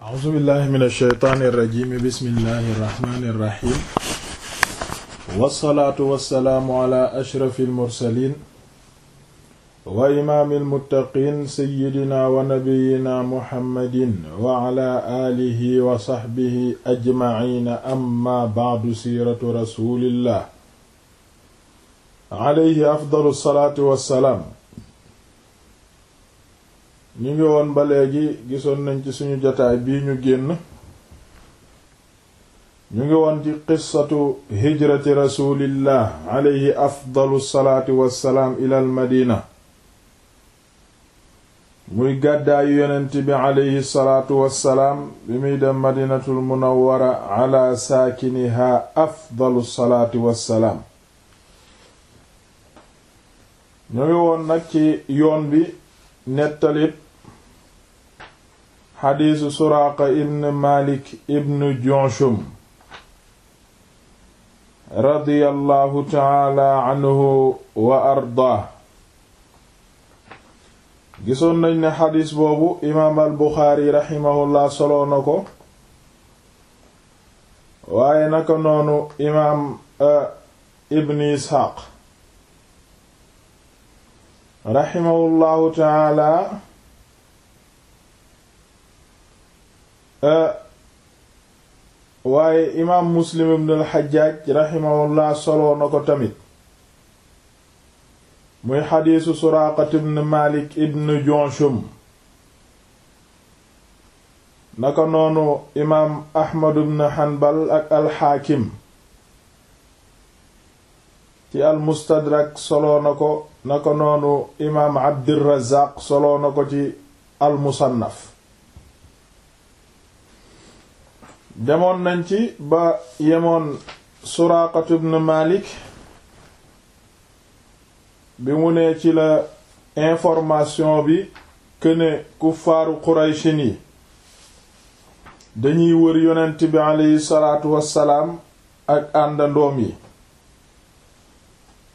a'uuzu billahi min alsheytaani irrajimi bismillahi irrahmani irrahim wassalaatu wassalaamu ala ashrafi almursalin wa imaami almuttaqiin seyidina wa nabiyina muhammadin wa ala aalihi wa saxbihi ajmaciina amma bacdu siiratu rasulillah alayhi afdalu salaatu wassalaam ñu ngi woon ba léegi gisoon nañ ci suñu jotaay bii ñu génn ñu ngi woon ci qissatu hijrati rasulillah alayhi afdalu salaati wassalaam ila al madina muy gàddaayu yonent bi alayhi salaatu wassalaam muy dem madinatul munawwara ala saakinihaa afdalu salaati wassalaam ñu ngi woon nag ci yoon bi nettalib xadiisu suraaqa ibn malik ibn jonshum radiyallahu taala anhu wa ardaa gisoon nañ ne xadiis boobu imaam al buxaari raximahullah soloo na ko waaye naka imaam eh, ibn isxaaq raximahullahu taala eh, waaye imaam muslim ibn alxajaj raximahullah soloo na ko tamit muy xadiisu suraqat ibn malik ibn jonshum naka noonu imaam ahmad ibn hanbal ak alxaakim ci almustadrak soloo na ko na ko noonu imaam abdirazaq solo na ko ci almusannaf demoon nañ ci ba yemoon suraaqatu ibn malik bi mu nee ci la information bi këne kuffaaru quraychin yi dañuy wër yonent bi aleyhi wassalaam ak àndandoom yi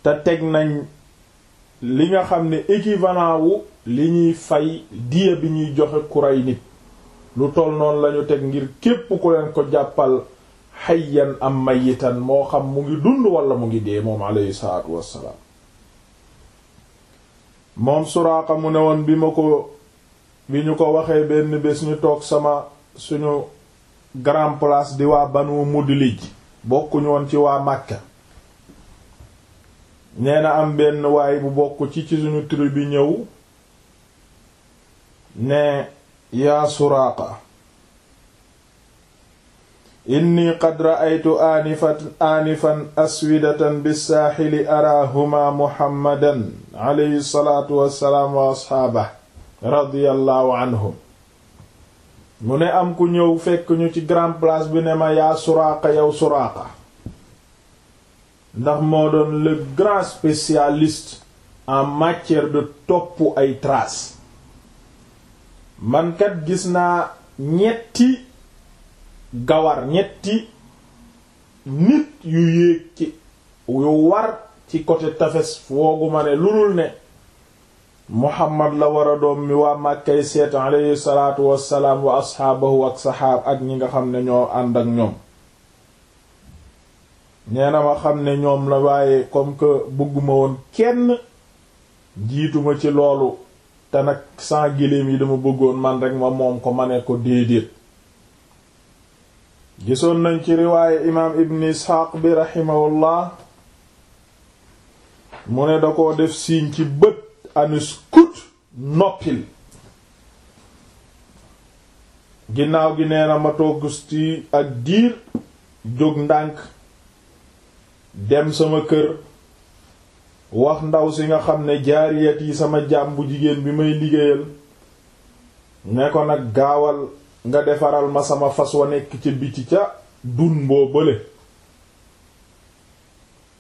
te teg nañ li nga xam ne équivalent wu li ñuy fay diya bi ñuy joxe kuray nit lu toll noonu lañu teg ngir képp ku leen ko jàppal xay yenn am mayitan moo xam mu ngi dund wala mu ngi dee moom aleyhi salaatu wassalaam moom suraaqa mu ne woon bi ma ko bi ñu ko waxee benn bés suñu toog sama suñu grand place di waa banu mudlij bokkuñu woon ci waa Màkka nee na am benn waay bu bokk ci ci suñu tribu bi ñëw ne yaa suraaqa inni qad ra'aytu aanifan aanifan aswidatan bissaaxili araahuma muhammadan mu ne am ku ñëw fekk ñu ci grand place bi ne ma yaa suraaqa yow suraaqa ndax moo doon le grand spécialiste en matière de topp ay traces man gis naa ñetti gawar ñetti nit yu yéeg ci yu war ci côté tafes fooguma ne lulul ne Muhammad la war a doom mi waa màkkay seeta alayhi salaatu wassalaam wa asxaabahu ak saxaar ak ñi nga xam ne ñoo ànd ak ñoom nee na ma xam ne ñoom la waaye comme que bëgguma woon kenn jiituma ci loolu te nag sans yi dama bëggoon man rekk ma moom ko ma ne ko déedéet gisoon nañ ci riwaaye imaam ibn isxaaq bi raximahullah mu ne da koo def siiñ ci bët anus kut noppil ginnaaw gi nee na ma toggusti ak diir jóg ndànk dem sama kër wax ndaw si nga xam ne jaariyat yi sama jàmbu jigéen bi may liggéeyal ne ko nag gaawal nga defaral ma sama fas wa nekk ca biti ca dun boo bële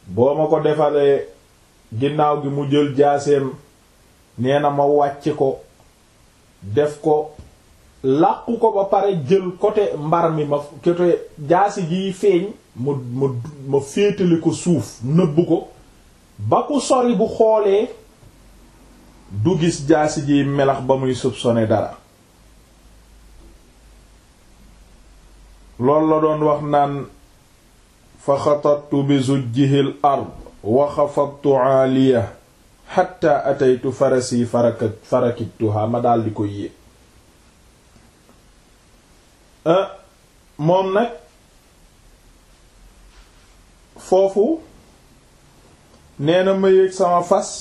boo ma ko defalee ginnaaw gi mu jël jaaseem nee na ma wàcc ko def ko làqu ko ba pare jël côté mbar mi ma côté jaasi giy feeñ ma ma ma féetale ko suuf nëbb ko ba ku sori bu xoolee du gis jaasi ji melax ba muy soupçonner dara loolu la doon wax naan fa xatattu bi zujjihi l ard wa xafadtu aaliya xatta ataytu farasi faraka farakibtuha ma daldi ko yéeg eh, moom nag foofu nee na ma yéeg sama fas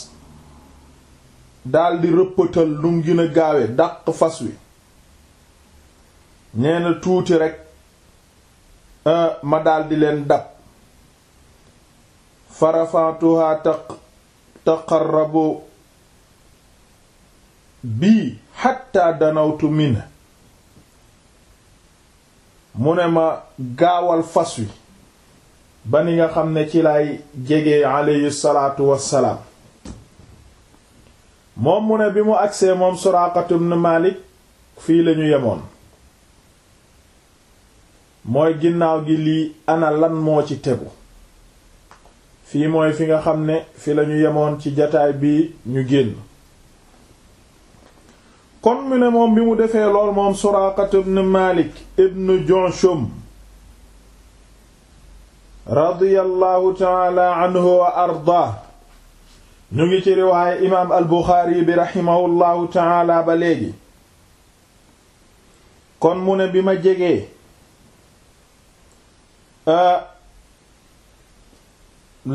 daldi rëppatal lu mu gën gaawe dàq fas wi nee na tuuti rekk euh, ma daldi leen dab farafantuhaa taq taqarrabu bii xatta danawtu min mu ne ma gaawal fas wi ba ni nga xam ne ci lay jege aleyhi salaatu wassalaam moom mu ne bi mu agsee moom Suraaqatu ibn Maalik fii lañu yemoon mooy ginnaaw gi lii ana lan moo ci tegu fii mooy fi nga xam ne fi lañu yemoon ci jataay bi ñu génn kon mu ne moom bi mu defee lool moom Suraaqatu ibn Maalik ibn Junshum radiyallahu taala anhu wa arda ñu ngi ci riwaaya imaam al buxaari bi raximahullahu taala ba léegi kon mu ne bi ma jegee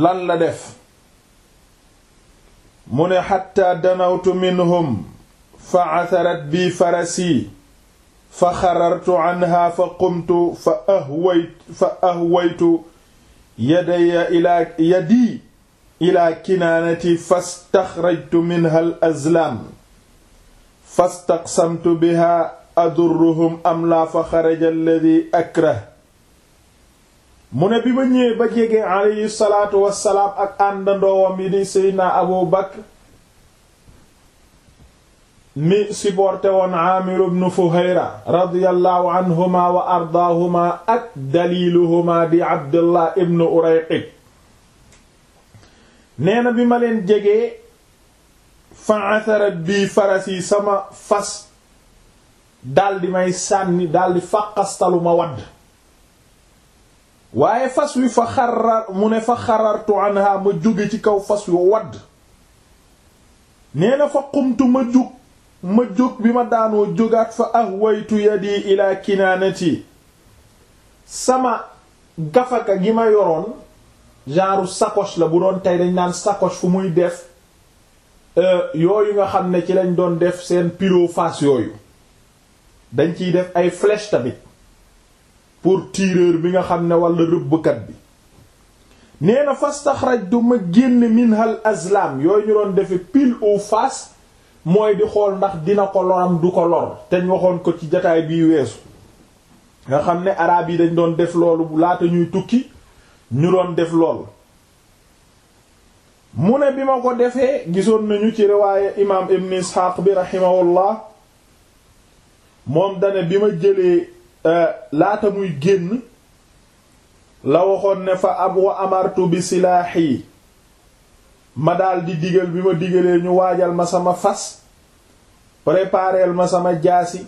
lan la def mu ne xatta danawtu minhum fa atharat bi farasi fa xarartu anha fa qumtu fa ahwaytu fa ahwaytu yadaya ilaa yadii ilaa kinaanati fastaxrajtu minha al azlaam fastaqsamtu biha adurruhum am laa fa xaraja alladi akrah mu ne bi ma ñëwee ba jege aleyhi salaatu wassalaam ak àndandoowam yi di seydna abu bakr mi supporté woon Aamir ibn Fuhayra radiyallahu anhuma wa ardaahuma ak daliluhuma di Abdullah ibn Urayqit nee na bi ma leen jegee fa atharat bii farasi sama fas daldi may sànni daldi fàqastalu wadd waaye fas wi fa mu ne fa xarartu anha ma jóge ci kaw fas wi wadd nee na fa qumtu ma jug ma jóg bi ma daanoo jógaat fa ahwaytu yadi ila kinaanati sama gafaka gi ma yoroon genre sacoche la bu doon tey dañ naan sacoche fu muy def euh, yooyu nga xam ne ci lañ doon def seen pyrofas yooyu dañ ciy def ay flèche tamit pour tireur bi nga xam ne walla rëbbkat bi nee na fastaxraj du ma génn minhal azlam yooyu ñu doon defe pile ou face mooy di xool ndax dina ko loram du ko lor te waxoon ko ci jataay bii weesu nga xam ne araab yi dañ doon def loolu laata ñuy tukki ñu doon def loolu mu ne bi ma ko defee gisoon nañu ci riwaaye imaam ibn isxaaq bi raximahullah moom dane bi ma jëlee euh, laata muy génn la waxoon ne fa ab wa bi silaax yi ma daldi digal bi ma digalee ñu waajal ma sama fas prépareel ma sama jaasi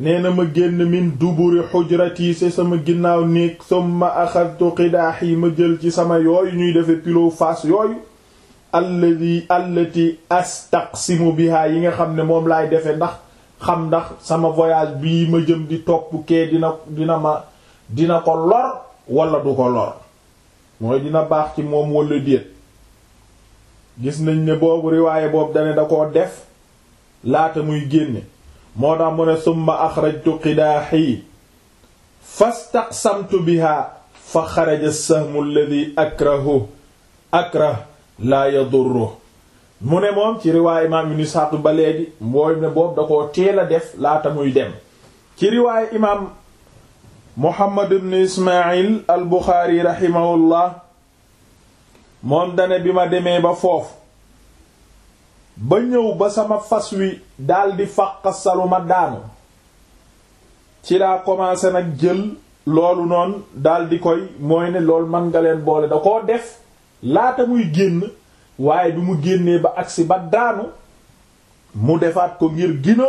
nee na ma génn min duburi xujrati ci sama ginnaaw néeg summa axadtu xidaax yi ma jël ci sama yooyu ñuy defe pilo faas yooyu allati allati astaqsimu biha yi nga xam ne moom laay defe ndax xam ndax sama voyage bii ma jëm di topp kee dina dina ma dina ko lor wala du ko lor mooy dina baax ci moom wala déet gis nañ ne boobu riwaaye boobu dane da koo def laata muy génne moo tax mu ne summa axrajtu qidaaxi fastaqsamtu biha fa xaraja sahmu alladi akrahu akrah laa yadurru mu ne moom ci riwaay imaam ibn Isxaaq ba léegi mooy ne boobu da koo teel def laata muy dem ci riwaay imaam Muhammad ibn Ismaayil al Buxaari rahimahullah moom dane bi ma demee ba foofu ba ñëw ba sama fas wi daldi fàqasalu ma daanu ci laa commencé nag jël loolu noon daldi koy mooy ne lool man nga leen boole da koo def laata muy génn waaye du mu génnee ba agsi ba daanu mu defaat ko ngir gina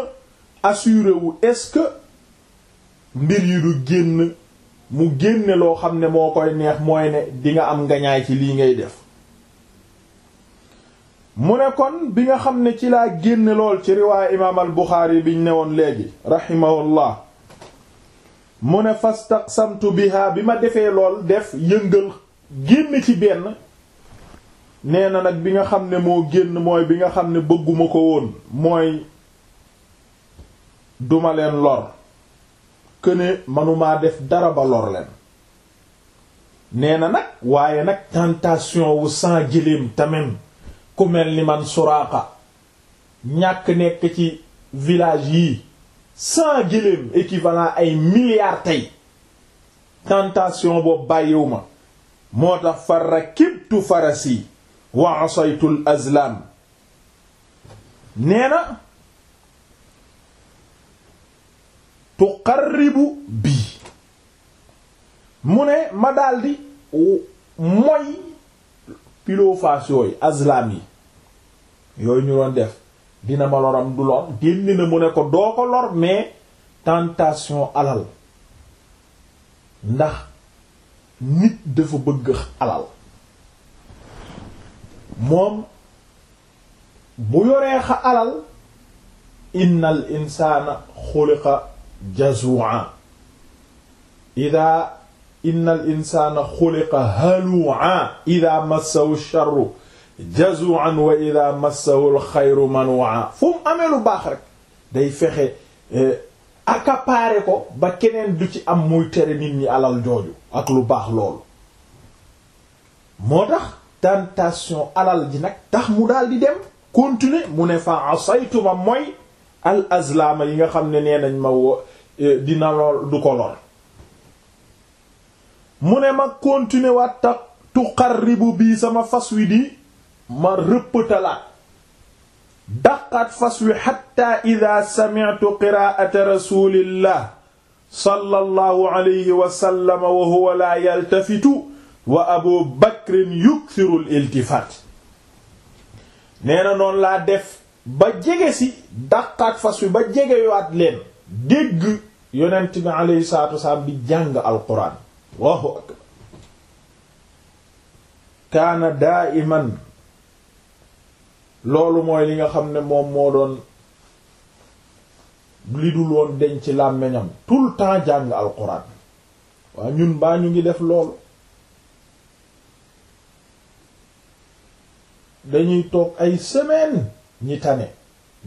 assuré wu est-ce que mbir yi du génn mu génne loo xam ne moo koy neex mooy ne di nga am ngañaay ci lii ngay def mu ne kon bi nga xam ne ci laa génn lool ci riwaaya imaam al buxaari biñ ne woon léegi rahimahullah mu ne fastaqsamtu biha bi ma defee lool def yëngal génn ci benn nee na nag bi nga xam ne moo génn mooy bi nga xam ne bëgguma ko woon mooy duma leen lor këne manumaa def dara ba lor leen nee na nag waaye nag tentation wu sans gilim tamit ku mel ni man Suraaqa ñàkk nekk ci village yii cent giléem équivalent ay milliards tey tentation boobu bàyyiwu ma moo tax fa rakibtu farasi wa asaytul azlam nee na tuqarribu bii mu ne ma daldi mooy pilofaas yooyu azlam yi yooyu ñu doon def dina ma loram du lor génn na mu ne ko doo ko lor mais tentation alal ndax nit dafa bëgg alal moom bu yoree xa alal innal insaana xuliqa jazua ida innal insaana xuliqa halua ida massahu sharru jazuan wa ida massahu alxayru manwaa fu mu amee lu baax rek day fexe eh, accaparer ko ba keneen du ci am muy tere nit ñi alal jooju ak lu baax loolu moo tax tentation alal ji nag tax mu dal di dem continuer mu ne fa asaytuma mooy al aslaama yi nga xam ne nee nañ ma eh, dina lool du ko lor mu ne ma continuer waat tax tuqarribu bii sama fas wi di ma rëppatalaat daqaat fas wi xatta ida sami'tu qiraata rasulillah sallallahu alayhi wa sallam wa huwa la yaltafitu wa abu bakrin yukthiru al-iltifat nee na noonu laa def ba jege si daqaat fas wi ba jegewaat leen dégg yonent bi aleyhi salatu wasalaam bi jàng alquran Allahu akbar kaana daa'iman loolu mooy li nga xam ne moom moo doon li dul woon denc ci làmmiñam tout le temps jàng alxuraan waa ñun baa ñu ngi def loolu dañuy toog ay semaine ñi tane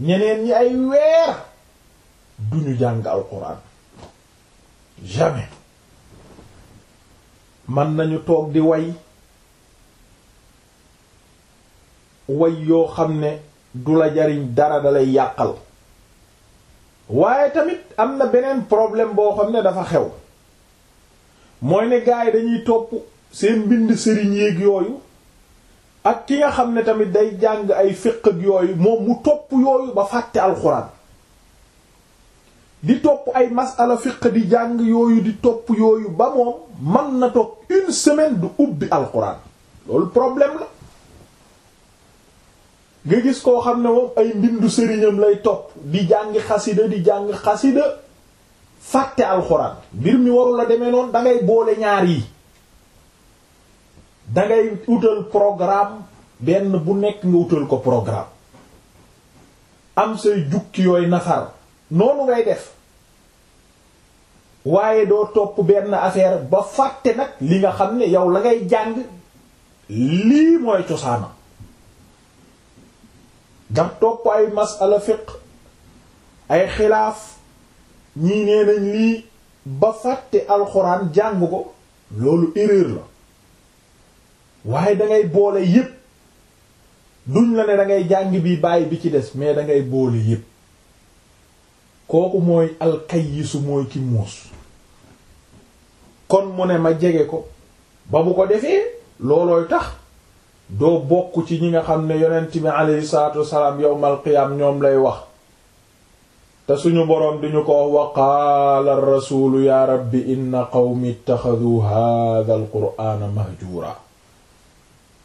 ñeneen ñi ay weer duñu jàng alxuraan jamais man nañu toog di way way yoo xam ne du la jariñ dara dalay yàqal waaye tamit am na beneen problème boo xam ne dafa xew mooy ne gars yi dañuy topp seen mbind sëriñ yéeg yooyu ak ki nga xam ne tamit day jàng ay fiqh ak yooyu moom mu topp yooyu ba fàtte alxuraan di topp ay masala fiqh di jàng yooyu di topp yooyu ba moom mën na toog une semaine du ubbi alxuraan loolu problème la nga gis koo xam ne moom ay mbindu sëriñam lay topp di jàng xasida di jàng xasida fàtte alxuraan mbir mi warul la demee noonu dangay boole ñaar yi dangay utal programme benn bu nekk nga utal ko programme am say jukki yooyu nafar noonu ngay def waaye doo topp benn affaire ba fàtte nag li nga xam ne yow la ngay jàng lii mooy cosaana ndax topp ay masala fiq ay xilaaf ñii nee nañ lii ba te alxuraan jàng ko loolu erreur la waaye dangay boole yépp duñ la ne dangay jàng bi bàyyi bi ci des mais dangay boole yépp kooku mooy alkayisu mooy ci muus kon mu ne ma jege ko ba bu ko defee loolooy tax doo bokk ci ñi nga xam ne yonent bi aleyhi salaatu wasalaam yowmal qiyaam ñoom lay wax te suñu boroom diñu ko wax wa qaala rasuulu ya rabbi inna qawmi ittaxaduu haadha al qur'aana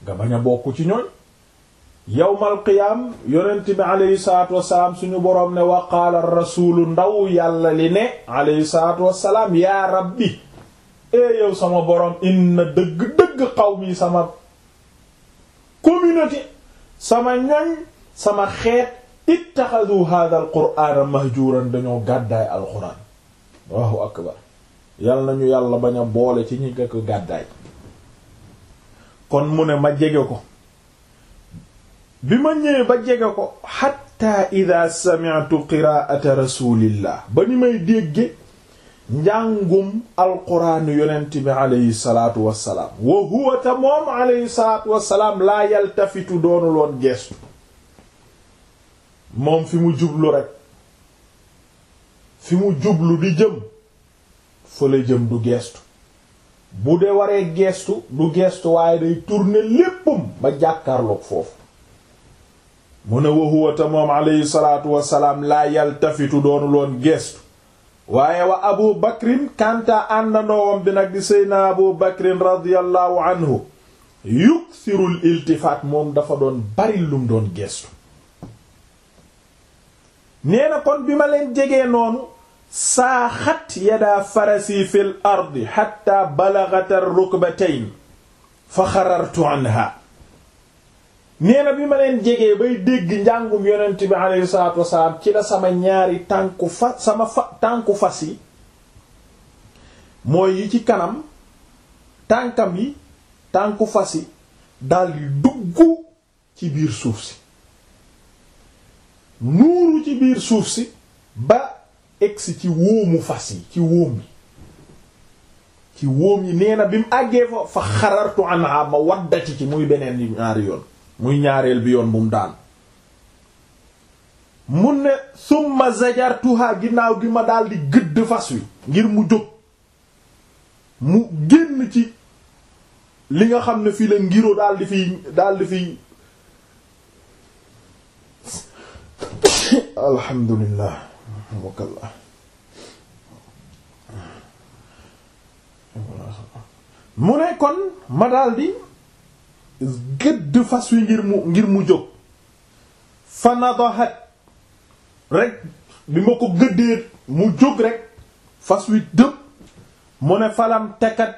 nga bañ bokk ci ñooñ yowmal qiyaam yonent bi aleyhi salaatu wasalaam suñu boroom ne wa qaala rasuulu ndaw yàlla li ne aleyhi salaatu wasalaam ya rabbi ee yow sama boroom inna dëgg dëgg qawmi sama communauté sama ñoñ sama xeet ittaxadu hada al qur'ana mahjuran dañoo gàddaay alquran waaw akbar yal nañu yàlla bañ a boole ci ñi nga ko gàddaay kon mu ne ma jege ko bi ma ñëwee ba jege ko hatta ida sami'tu qira'ata rasulillah ba ni may dégge njàngum alquraan yonent bi aley salaatu wassalaam wa huwa ta moom aleyhi salaatu wassalaam laa yaltafitu doonul woon geestu moom fi mu jublu rekk fi mu jublu di jëm fële jëm du geestu bu dee waree geestu du geestu waaye day tourner léppam ba jàkkaarloog foofu mu ne wa huwa ta moom aleyhi salaatu wassalaam laa yaltafitu doonul woon geestu waaye wa abu bakrin kanta àndandoowam bi nag di seydna abu bakrin radiyallahu anhu yuksirul iltifaat moom dafa doon bari lum doon geestu nee kon bi ma leen jegee noonu saaxat yadaa farasi fil ardi xatta balagata rukbatayn fa xarartu anha neena bi ma leen jegee bay dégg njàngum yonent bi alayhi salaatu wasalaam ci la sama ñaari tànku fas sama fa tànku fas yi mooy yi ci kanam tànkam yi tànku fas yi daldi dugg ci biir suuf si nuuru ci biir suuf si ba egsi ci wóomu fas yi ci wóom yi ci wóom yi nee bi mu àggee fa fa xarartu anha ma waddati ci muy beneen ñaari yoon muy ñaareel bi yoon bu mu daan mun ne summa zajartuha ginnaaw gi ma daldi gëdd fas wi ngir mu jóg mu génn ci li nga xam ne fii la ngiro daldi fiy daldi fiy alhamdulillah wakalla mu ne kon ma daldi gëdd fas wi ngir mu ngir mu jóg fa nadahat rek bi ma ko gëddee mu jóg rekk fas wi dëpp mu ne falam tekat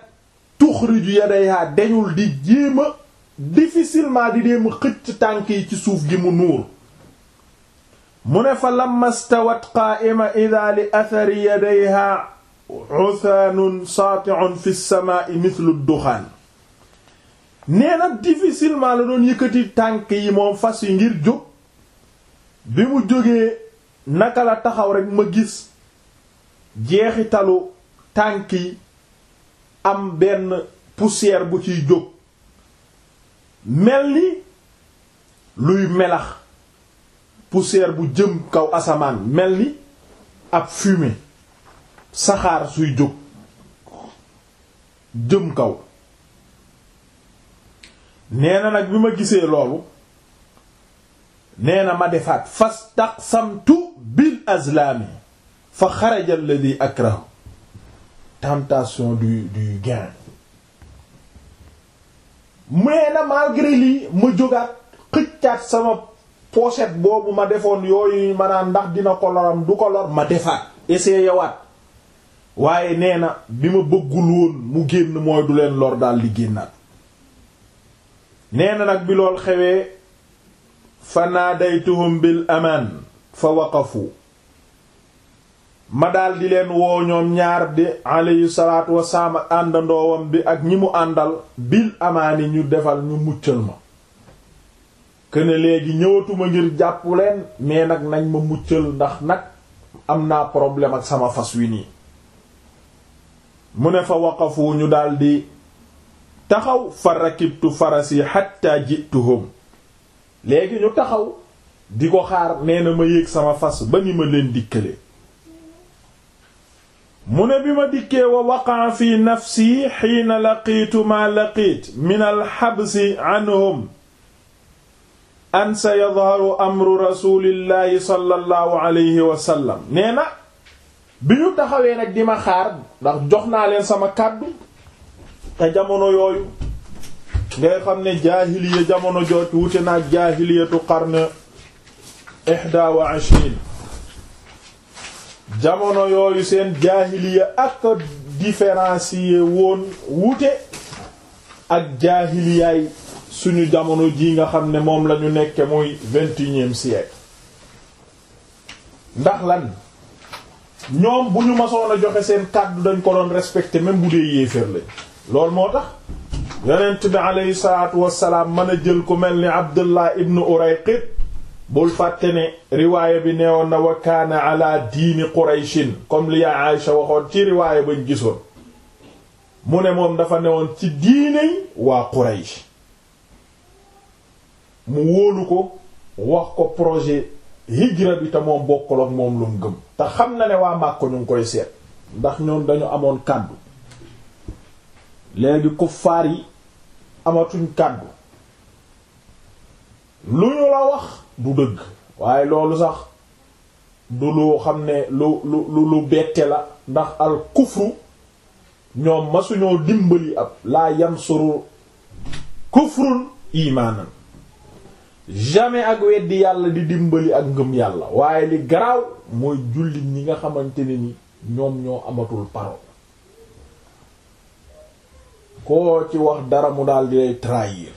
tuxriju yadayha deñul di jéem a difficilement di déema xëcc tànk yi ci suuf gi mu nuur mu ne fa lamma stawat qaa'ima idha li athari yadayha uthanun saati'un fi as mithlu ad nee na difficilement la doon yëkkati tànk yi moom fas yi ngir jóg bi mu jógee naka la taxaw rekk ma gis jeexitalu tànk yi am benn poussière bu ciy jóg mel ni luy melax poussière bu jëm kaw asamaan mel ni ab fumée saxaar suy jóg jëm kaw nee na nag bi ma gisee loolu nee na ma defaat fastaqsamtu bil azlaami fa xaraja alladhi akrahu tentation du du gain mais na malgré lii ma jógaat xëccaat sama pochette boobu ma defoon yooyu ma naan ndax dina ko loram du ko lor ma defaat essayé waaye nee na bi ma bëggul woon mu génn mooy du leen lor daal di génnaat nee na nag bi lool xewee fa naadaytuhum bil amaan fa waqafu ma daldi leen woo ñaar di alayhi salaatu wasalaam ak àndandoowam bi ak ñi mu àndal bil yi ñu defal ñu muccal ma këne léegi ñëwatuma ngir jàpp leen mais nag nañ ma muccal ndax nag am naa problème ak sama fas wi nii mu ne fa waqafu ñu daldi taxaw fa rakibtu farasi hatta jituhum léegi ñu taxaw di ko xaar nee na ma yéeg sama fas ba ni ma leen dikkale mu ne bi ma dikkee wa waqaa fi nafsi xiina laqiitu maa laqiit min alxabsi anhum an sa yadharu amru rasulillahi sallallahu alayhi wa sallam nee na bi ñu taxawee nag di ma xaar ndax jox naa leen sama kàddu te jamono yooyu ngay xam ne jaahiliya jamono jooj wute naag jaahiliyatu qarn ihda wa jamono yooyu seen jaahiliya ak différencier woon wute ak jaahiliyaay suñu jamono ji nga xam ne moom lañu nekke muy vingt-et-unième siècle ndax lan ñoom bu ñu masoon a joxe seen kàddu dañ ko doon respecté même bu dee yéeféer lañ loolu moo tax yonent bi aleyhi salaatu wassalaam mën a jël ku mel ni abdullah ibnu urayqit bul fàtte ne riwaaya bi neewoon na wa kaana ala diini qurayshin comme li yaa Aïcha waxoon ci riwaaya bañ gisoon mu ne moom dafa woon ci diiney waa quraysh mu wóolu ko wax ko projet hijra bi te moom bokkul ak moom lu gëm te xam na ne waa Màkka ñu ngi koy seet ndax ñoom dañu amoon kàddu léegi kuffaar yi amatuñ kàddu lu ñu la wax du dëgg waaye loolu sax du lu xam ne lu lu lu bette la ndax al kufru ñoom masuñoo dimbali ab laa yansuru kufrun imaanan jamais ak weddi yàlla di dimbali ak ngëm yàlla waaye li garaaw mooy jullit ñi nga xamante ne ni ñoom ñoo amatul parole koo ci wax dara mu daal di lay trahir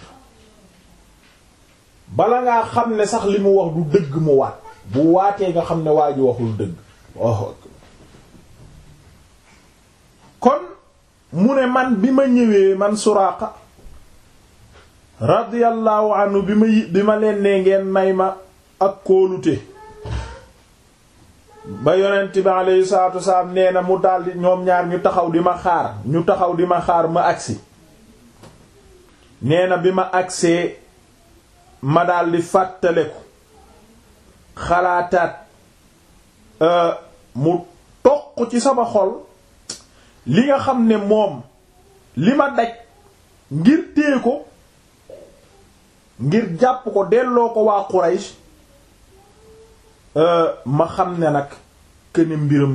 bala ngaa xam ne sax li mu wax du dëgg mu waat bu waatee nga xam ne waa ji waxul dëgg kon mu ne man bi ma ñëwee man Suraaqa radiyallahu anhu bi ma bi ma leen ne ngeen may ma ak kóolute ba yonent bi alayhi salaatu wasalaam nee na mu daldi ñoom ñaar ñu taxaw di ma xaar ñu taxaw di ma xaar ma agsi nee na bi ma agsee ma daldi fàttaleku xalaataat euh, mu toq ci sama xol li nga xam ne moom li ma daj ngir téye ko ngir jàpp ko delloo ko waa Quraysh Euh, ma xam ne nag këni mbiram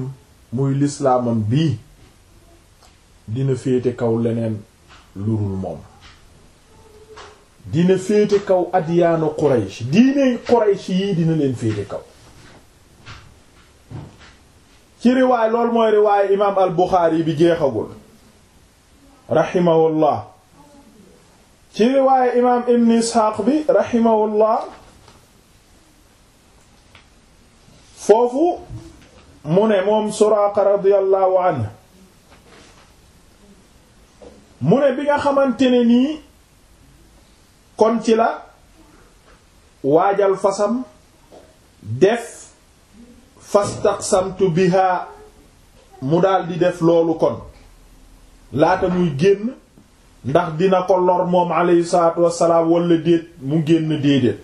muy lislaamam bii dina féete kaw leneen lu dul moom dina féete kaw adyaanu Quraysh diiney Quraysh yii dina leen féete kaw ci riwaay loolu mooy riwaay imaam al Buxaari bi jeexagul raximahullah ci riwaay imaam Ibn Isxaaq bi raximahullah foofu mu ne moom Suraaqa radiyallahu anhu mu ne bi nga xamante ne nii kon ci la waajal fasam def fastaqsamtu biha mu daldi def loolu kon laata muy génn ndax dina ko lor moom aleyhi salaatu wassalaam walla déet mu génn déedéet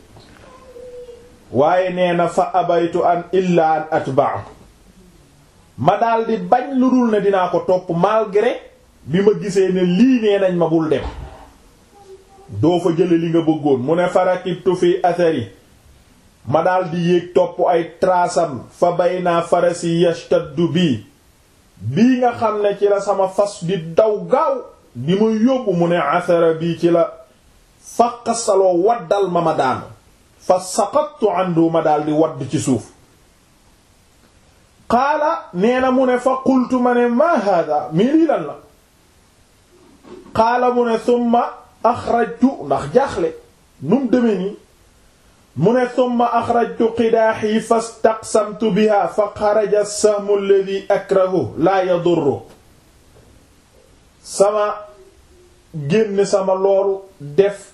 waaye nee na fa abaytu an illaan an ma daldi bañ lu dul ne dinaa ko topp malgré bi ma gisee ne lii nee nañ ma bul dem doo fa jële li nga bëggoon mu ne farakibtu fi athari ma daldi yéeg topp ay traasam fa naa farasi yashtaddu bii bii nga xam ne ci la sama fas di daw gaaw bi ma yóbbu mu ne athara bii ci la faqasaloo waddal ma ma daanu fa saqattu anhu ma daal di wadd ci suuf qaala nee na mu ne fa qultu ma ne ma hada mii lii lan la qaala mu ne summa axrajtu ndax jaaxle nu mu demee nii mu ne summa axrajtu qidaaxi fastaqsamtu biha fa xaraja sahmu alladi akrahu laa yadurru sama génn sama loolu def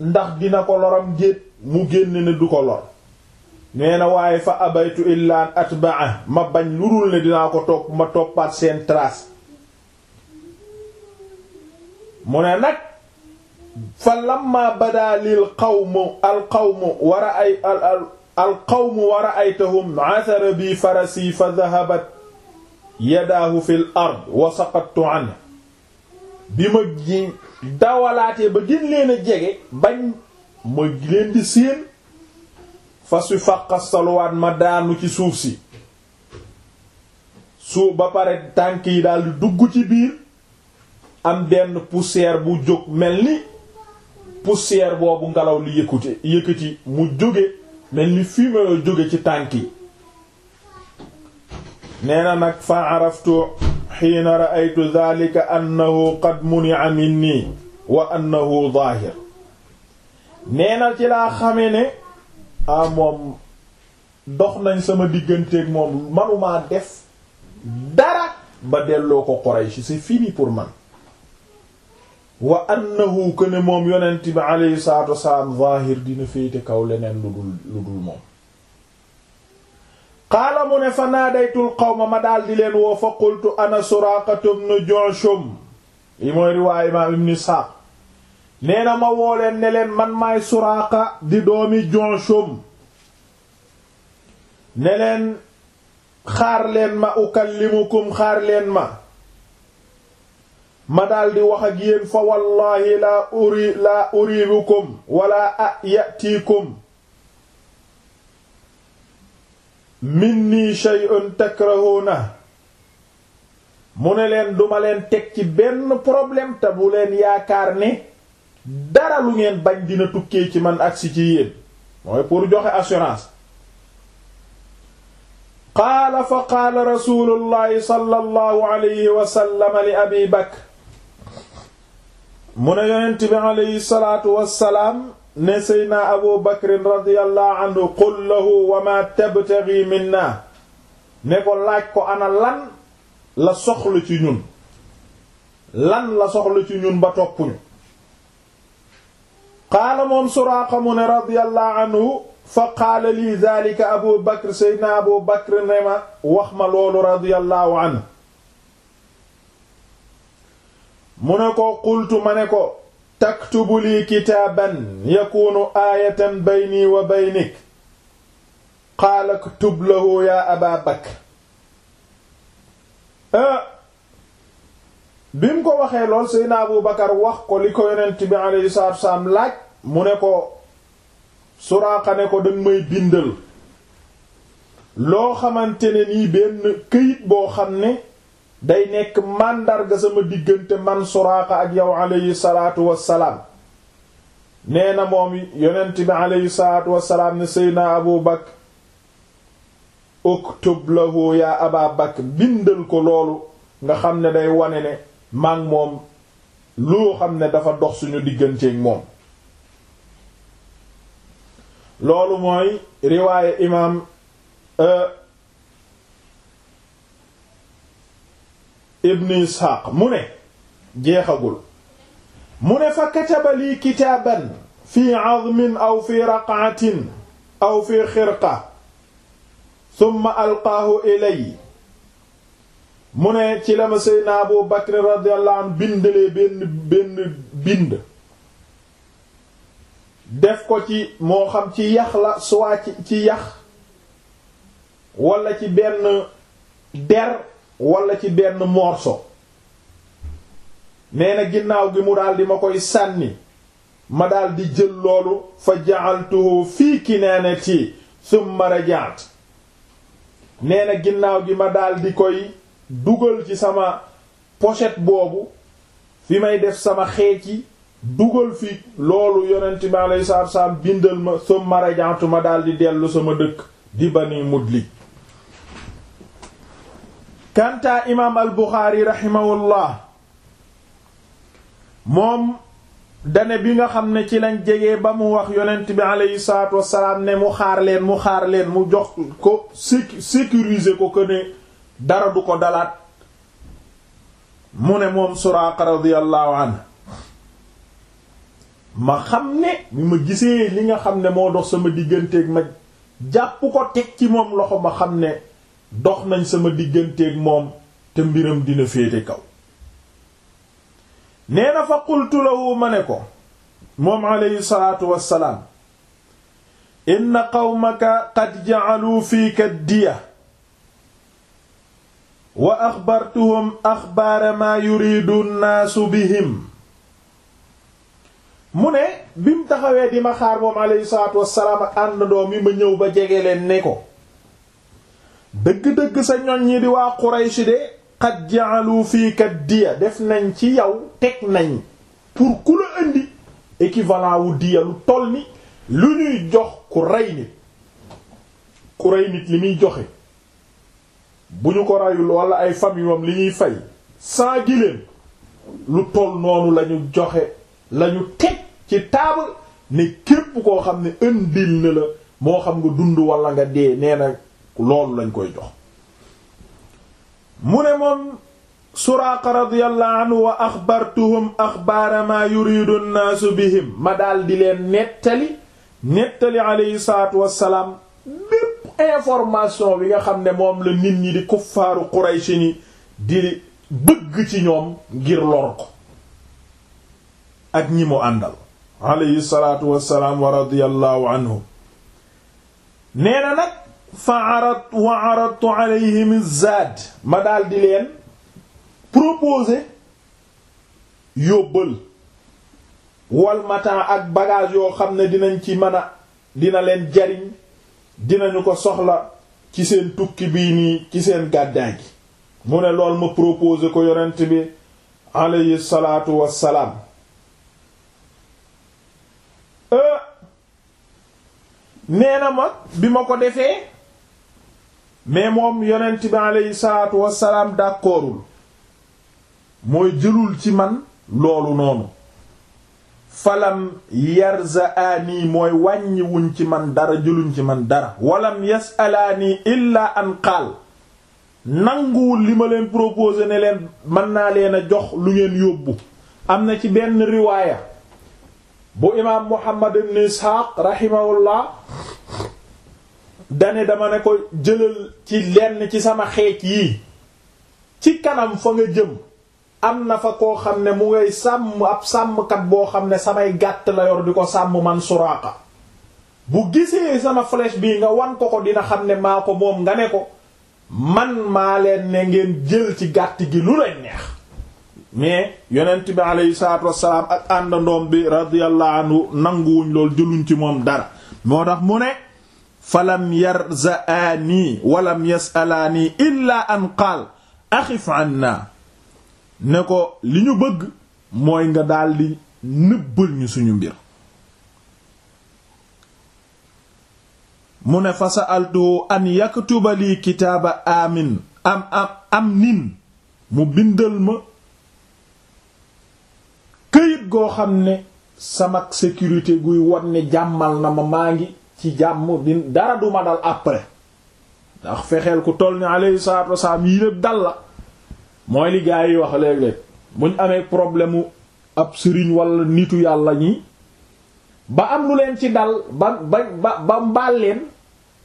ndax dina ko loram jéet mu génn ne du ko lor nee na waaye fa abaytu illaan atbaa ma bañ lu dul ne dinaa ko topp ma toppaat seen trace mu ne nag fa lamma badaa lil al qawmu wara ay al qawmu wa ra'aytahum 'athara bi farasi fa dhahabat yadaahu fil ard wa saqattu 'anhu bi ma dawalaatee ba gën leen a jege bañ ma leen di séen fas wi fàqastaluwaat ma daanu ci suuf si suuf ba pare tànk yi daldi dugg ci biir am benn poussière bu jóg mel ni poussière boobu ngelaw li yëkkute yëkkati mu jóge mel ni fumée jóge ci tànk yi nee na nag fa araftu xiina ra'aytu daalika annahu qad muni'a minni wa annahu zaahir neena ci laa xame ne ah moom dox nañ sama digganteeg moom manumaa def dara ba delloo ko Quraysh c'est fini pour man wa annahu que ne moom yonent bi alayhi salaatu wasalaam zaahir dina féete kaw leneen lu dul moom qaala mu ne fa naadaytul qawma ma daldi leen woo fa qultu ana suraaqatu ibn ju'shum yi mooy riwaay imaam ibn Isxaaq nee ma woo leen man maay suraaqa di doomi ju'shum ne xaar leen ma ukallimukum xaar leen ma ma daldi wax ak yéen fa wallaahi laa uri laa wala a yatiikum minni shay'un takrahuna mu ne leen duma leen teg ci benn problème te bu leen yaakaar ne dara lu ngeen bañ dina tukkee ci man agsi ci yéen mooy pour joxe assurance qaala fa qaala rasulullahi sallallahu alayhi wa sallam li abi bakr mu ne yonent bi alayhi salaatu wassalaam ne seydna abu bakrin radiyallahu anhu qul lahu wa ma tabtaghi minna ne ko laaj ko ana lan la soxla ci ñun lan la soxlu ci ñun ba toppuñu qaala moom suraaqa ne radiyallahu anhu fa qaala lii daalika abu bakr seydna abu bakr ne ma wax ma loolu radiyallahu anhu mu ne ko qultu ma ne ko taktubu lii kitaaban yakunu aayatan bayni wa baynik qaala uktub yaa Abaa ah, bi mu ko waxee lool Seydina Abu Bakar wax ko li ko yonent bi alayhi salaatu wa laaj mu ne ko Suraaqa ne ko dañ may bindal loo xamante ne nii benn këyit boo xam ne day nekk màndarga sama diggante man suraaqa ak yow aleyhi salaatu wassalaam nee na moom yonent bi aleyhi salaatu wassalaam ne seydna abu bakr uktub lahu yaa aba bakr bindal ko loolu nga xam ne day wane ne maag moom loo xam ne dafa dox suñu digganteeg moom loolu mooy riwaaye imaam euh, ibn isxaaq mu ne jeexagul mu ne fa kataba lii kitaaban fii azmin aw fi raqatin aw fi xirqa summa alqaahu ilay mu ne ci la ma seydna abu bakr radiyallahu anhu bindalee benn bind def ko ci moo xam ci yax la soit ci yax walla ci benn der wala ci benn morso nee ginnaaw gi mu daal ma koy sànni ma daldi di jël loolu fa ja'altuhu fii ki kinaanati thumma raja'at nee na ginnaaw gi ma daldi koy dugal ci sama pochette boobu fi may def sama xeec dugal fi loolu yonent bi alayhi salaatu wa bindal ma thumma raja'tu ma daal di dellu sama dëkk di mut li kantaa imaam al buxaari raximahullah moom dane bi nga xam ne ci lañ jege ba mu wax yonent bi aleyhi salaatu wassalaam ne mu xaar leen mu xaar jox ko sécuriser ko ko ne dara du ko dalaat mu ne moom suraaqa radiyallahu anhu ma xam ne bi ma gisee li nga xam ne moo dox sama digganteeg ma jàpp ko teg ci moom loxo ma xam ne dox nañ sama digganteeg moom te mbiram dina féete kaw nee na fa qultu ma ne ko moom aleyhi salaatu wassalaam inna qawmaka qad ja'alu fiika diya wa axbartuhum axbaara maa yuriidu nnaasu bihim mu ne bi mu taxawee di ma xaar moom aleyhi salaatu wassalaam ak ànd doom yi ma ñëw ba jege leen ne ko dëgg-dëgg sa ñoñ ñi di waa Quraysh de qad ja'alu diya def nañ ci yow teg nañ pour ku la indi équivalent wu diya lu toll ni lu ñuy jox ku rey nit ku rey nit li muy joxe bu ñu ko reyul wala ay famille li ñuy fay sans giléem lu toll noonu lañu joxe lañu teg ci taabal ne képp koo xam ne indil na la moo xam nga dund walla nga dee nee na loolu lañ koy jox mu ne moom suraaqa radiyallahu wa axbartuhum axbaara maa yuridu nnaasu bihim ma daal di leen nettali nettali aleyhi salaatu wassalaam bépp information bi nga xam ne moom la nit ñi di kuffaaru Quraysh ni di bëgg ci ñoom ngir lor ko ak ñi mu àndal aleyhi salaatu wassalaam wa radiyallahu anhu nee na nag fa arat wa aradtu ma daldi leen proposer yóbbal wal ak bagage yoo xam ne dinañ ci mën a dina leen jariñ dinañu ko soxla ci seen tukki bii nii ci seen gàddaay mu ne lool ma proposer ko yonent bi alayhi salaatu wassalaam euh, nee na ma bi ma ko defee mais moom yonent bi aleyhi salaatu wassalaam d'accordul mooy jëlul ci man loolu noonu falam yarzaani mooy wàññiwuñ ci man dara jëluñ ci man dara walam yasalaani illaa an qaal nanguwul li ma leen proposé ne leen mën naa leen a jox lu ngeen yóbbu am na ci benn riwaaya bu imaam Muhammad ibn Isxaaq rahimahullah dane dama ne ko jëlal ci lenn ci sama xeec yi ci kanam fa nga jëm am na fa koo xam ne mu ngay sàmm ab sàmmkat boo xam ne samay gàtt la yor di ko sàmm man suraaka bu gisee sama flèche bii nga wan ko ko dina xam ne maa ko moom nga ne ko man maa leen ne ngeen jël ci gàtt gi lu leen neex mais yonent bi aleyhi salaatu wassalaam ak àndandoom bi radiyallahu anhu nanguwuñ lool jëluñ ci moom dara moo tax mu ne falam yarzaani walam yasalaani illaa an qaal axif anna ne ko li ñu bëgg mooy nga daldi nëbbal ñu suñu mbir mu ne fa sa'altuhu an yaktuba lii kitaaba amin am am am nin mu bindal ma këyit goo xam ne samak sécurité guy won jàmmal na ma maa ngi ci jàmm di dara du ma dal après ndax fexeel ku toll ni alayhi salaatu wasalaam yii lépp dal la mooy li gaa yi wax léeg-léeg amee problème mu ab sëriñ wala nitu yàlla ñi ba am lu leen ci dal ba ba ba mbaal leen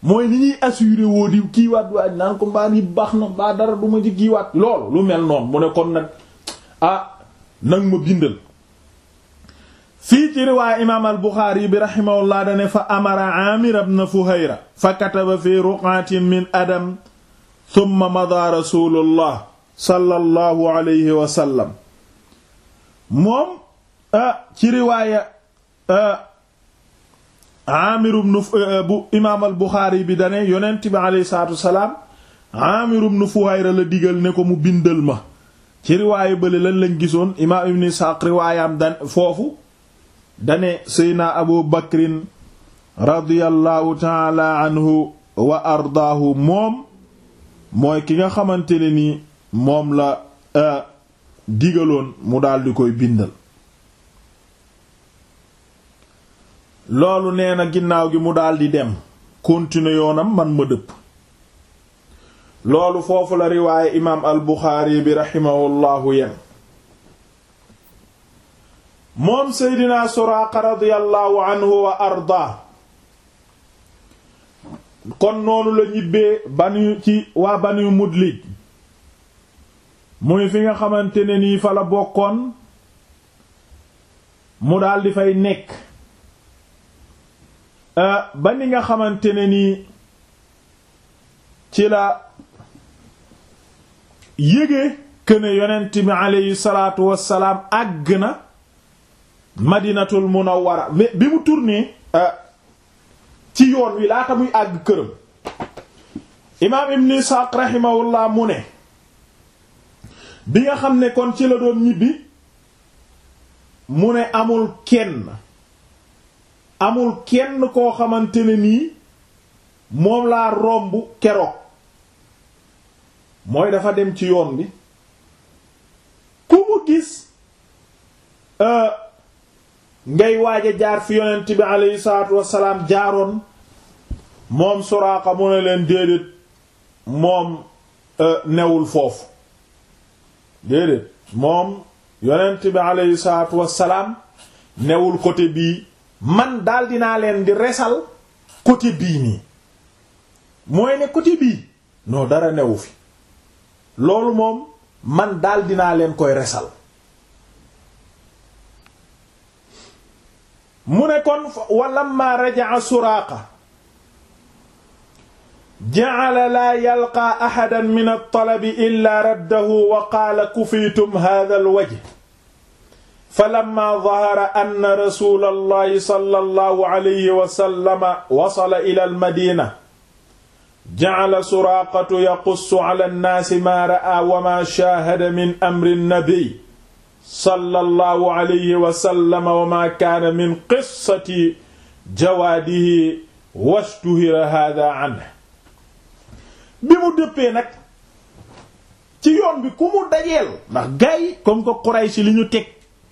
mooy ni ñuy assuré woo di kiiwaat waaj naan ko mbaa yi baax na mbaa dara du ma ci kiiwaat loolu lu mel noon mu ne kon nag ah nag ma bindal fii ci riwaaya imaam al buxaari bi raximahullah dane fa amara amir ibn fuhayra fa kataba fi ruqatin min adam thumma mada rasulullah sallallahu alayhi wa moom ci riwaaya amir ibn bu imaam bi dane yonent bi alayhi salaatu wasalaam amir ibn fuhayra la digal ne ko mu bindal ma ci riwaaya bële lan lañ gisoon imaam ibn isxaaq riwaayaam foofu dane seydna abu bakrin radiyallahu taala anhu wa ardaahu moom mooy ki nga xamante ne ni moom la digaloon mu daldi koy bindal loolu nee na ginnaaw gi mu daldi dem continuer yoonam man ma dëpp loolu foofu la riwaaye imaam al buxaari bi raximahullahu yem moom seydina suraaqa radiyallahu anhu wa arda kon noonu la ñibbee banu ci waa banu mudlij muy fi nga xamante ne nii fa la bokkoon mu daal di fay nekk euh, ba ni nga xamante ni nii ci la yége këne yonent bi aleyhi salaatu wassalaam àgg na madinatul munawwara mais bi mu tourné euh, ci yoon wi laata muy àgg këram imaam ibn Isaaq rahimahullah mu ne bi nga xam ne kon ci la doon ñibbi mu ne amul kenn amul kenn koo xamante ne nii moom laa romb keroog mooy dafa dem ci yoon bi ku mu gis euh, ngay waaj a jaar fi yonent bi aleyhi salaatu wassalaam jaaroon moom Suraaqa mu ne leen déedéet moom euh, newul foofu déedéet moom yonent bi aleyhi salaatu wassalaam newul côté bii man daal dinaa leen di resal côté bii nii mooy ne côté bii non dara newu fi loolu moom man daal dinaa leen koy resal mu ne kon wa lamma raja'a suraaqa ja'ala laa yalqaa ahadan min at-talabi illaa raddahu wa qaala kufiitum haadha al-wajh falamma dhahara anna rasuulallahi sallallahu alayhi wa sallam wasala ila al-madiina ja'ala suraaqatu yaqussu ala an-naasi maa ra'a wa maa shaahada min amri an-nabi sallallahu alayhi wa sallam wa ma kaana min qissati jawaadihi wastuhira hada bi mu dëppee nag ci yoon bi ku mu dajeel ndax gars comme que Quraysh li ñu teg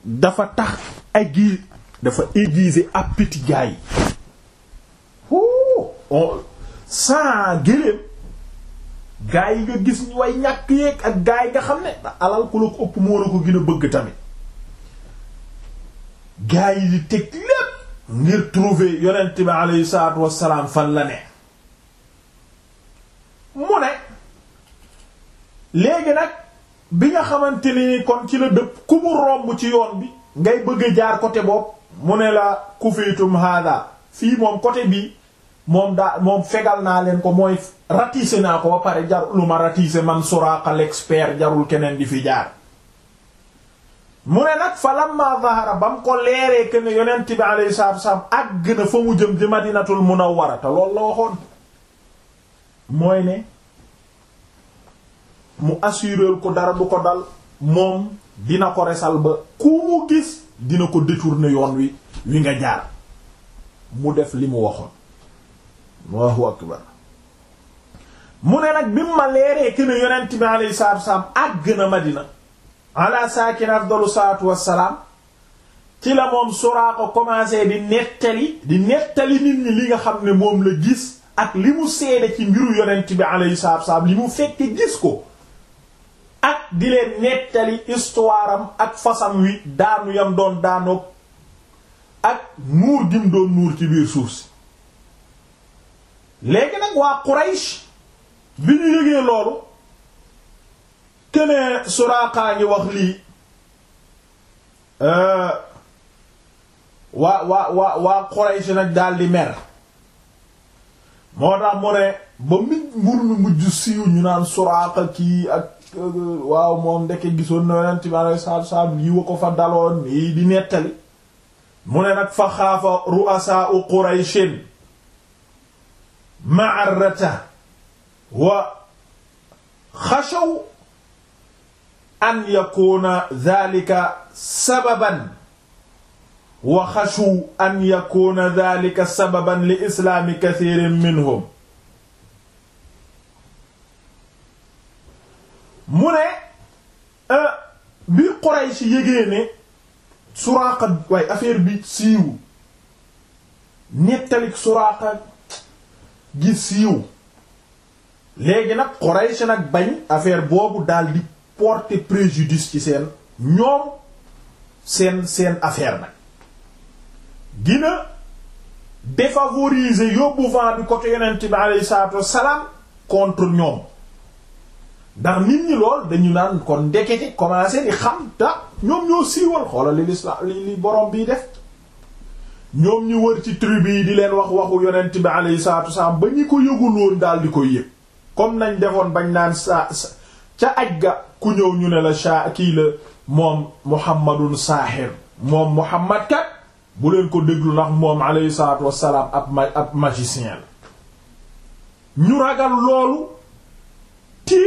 dafa tax aiguise dafa aiguiser appétit gars yi sans gëléem gaa nga gis ñu way ñàkk yeeg ak gaa yi nga xam ne alal ku la ko ëpp moo la ko gën a bëgg tamit gaa yi di lépp ngir trouver yonent bi aleyhi salaatu wassalaam fan la ne mu ne léegi nag bi nga xamante ni kon ci la dëpp ku romb ci yoon bi ngay bëgg a jaar côté bopp mu ne la kufiitum haada fii moom côté bii moom daal moom fegal naa leen ko mooy ratissé naa ko ba pare jarul lu ma ratissé man Suraaqa l'expert jarul keneen di fi jaar mu ne nag fa lamma zahara ba mu ko leeree que ne yonent bi alayhi salaatu wassalaam àgg na fa mu jëm di Madinatul Munawwara te loolu la waxoon mooy ne mu assuré ko dara du ko dal moom dina ko resal ba ku mu gis dina ko détourner yoon wi wi nga jaar mu def li mu waxoon Allahu akbar mu ne nag bi mu ma leeree que ne yonent bi alayhi salaatu wassalaam àgg na Madina ala saakin afdalu salaatu ci la moom Suraaqa commencé di nettali di nettali nit ñi li nga xam ne moom la gis ak li mu seede ci mbiru yonent bi alayhi salaatu wassalaam li mu fekk gis ko ak di leen nettali histoire ak fasam wi daanu yam doon daanoog ak nuur gi mu doon nuur ci biir suuf si léegi nag waa Quraysh bi ñu yëgee loolu keneen Suraaqa ngi wax lii euh, waa waa waa waa Quraysh nag daal di mer moo tax mu ne ba mi mbur mi mujj siiw ñu naan Suraaqa kii ak euh, waaw moom ndeke gisoon na yonent bi alayhi salaatu salaam lii ko fa daloon nii di nettali mu ne nag fa xaafa ru'asaa'u Qurayshin ma'arrata wa xashaw an yakuna dhalika sababan wa xashaw an yakuna dhalika sababan li islaami kathirin minhum mu ne euh, bi Quraysh yégee ne Suraaqa waaye affaire bi siiw nettalik Suraaqa gi siiw léegi nag Quraysh nag bañ affaire boobu daal di porter préjudice ci seen ñoom seen seen affaire nag gina défavoriser yóbbu vent bi côté yonent bi alayhi salaatu wassalaam contre ñoom ndax nit ñi lool dañu naan kon ndekete commencé di xam ta ñoom ñoo siiwal xoolal li li li borom bii def ñoom ñu wër ci tribu yi di leen wax waxu yonent bi alayhi salaatu wasalaam ba ñi ko yëgul woon daal di koy yëg comme nañ defoon bañ naan sa ca aj ga ku ñëw ñu ne la sha kii la moom muhammadun saaxir moom muhammad bu leen ko déglu ndax moom alayhi salaatu wasalaam ab ma la ñu ragal loolu ti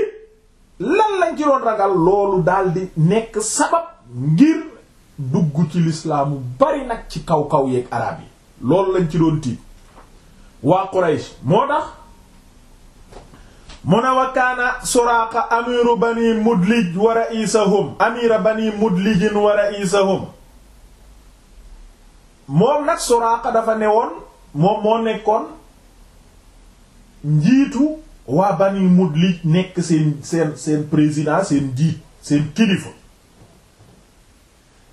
lan lañ ci doon ragal loolu daldi nekk sabab ngir dugg ci lislaamu bari nag ci kaw kaw yeeg araab yi loolu lañ ci doon tiit waa Quraysh moo tax mu ne wa kaana amiru bani mudlij wa ra'isahum amira bani mudlijin wa ra'isahum nag suraaqa dafa newoon moom moo nekkoon njiitu waa bani mudlij nekk seen seen seen président seen njiit seen kilifa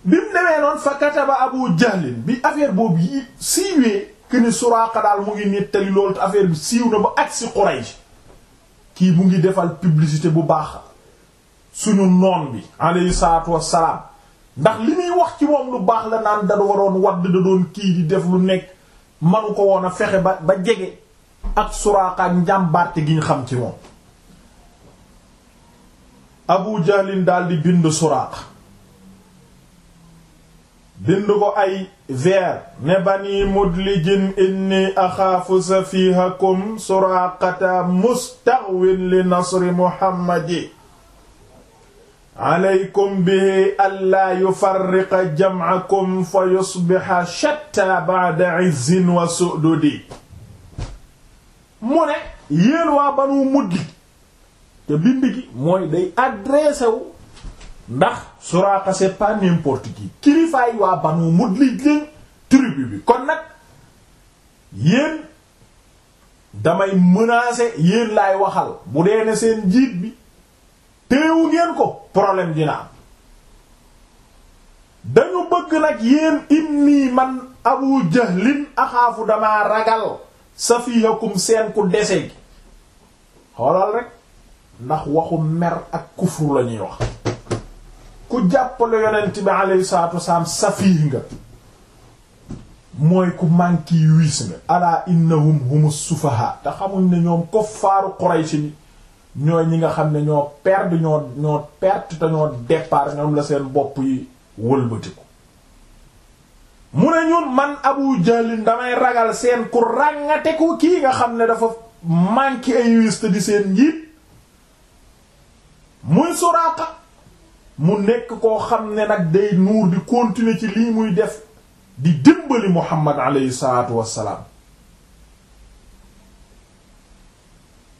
bi mu demee noonu fa kataba Abu Jahl bi affaire boobu yi siiwee que ni daal mu ngi nettali loolu te affaire bi siiw na ba agsi Quraysh kii mu ngi defal publicité bu baax suñu noon bi alayhi salaatu wassalaam ndax li muy wax ci moom lu baax la naan da waroon wadd da doon kii di def lu nekk manu ko woon a fexe ba ba jege ak Suraaqa ak njàmbaarte gi ñu xam ci moom Abu Jahl daal di bind Suraaqa bind ko ay vers ne bani mudlijin inni axaafu safihakum suraaqata mustaxwin li nasri muhammadi aleykum bihi allaa yufarriqa jam'akum fa yusbiha shatta ba'da izzin wa su'dudi mu ne yéen waa banu mudlij te bind gi mooy day ndax Suraaqa c'est pas n'importe qui kilifaay waa Banu Mudlij leen tribu bi kon nag yéen damay menacer yéen laay waxal bu dee ne seen njiit bi teewu ngeen ko problème dina am dañu bëgg nag yéen inni man Abu Jahlin axaafu damaa ragal safihakum seen ku dese gi xoolal rek ndax waxu mer ak kufru la wax ku jàppale yonent bi alayhi salaatu wasalaam safiih nga mooy ku manque yi wiis nga alaa innahum humus sufaha te xamuñ ne ñoom kuffaaru Quraysh ni ñooy ñi nga xam ne ñoo perdre ñoo ñoo perte te ñoo départ ñoom la seen bopp yi wëlbatiku mu ne ñun man Abu Jahl damay ragal seen ku ràngateku kii nga xam ne dafa manque ay wiis te di seen njiit muy Suraaqa mu nekk koo xam ne nag day nuur di continuer ci lii muy def di dimbali Muhammad aleyhi salaatu wassalaam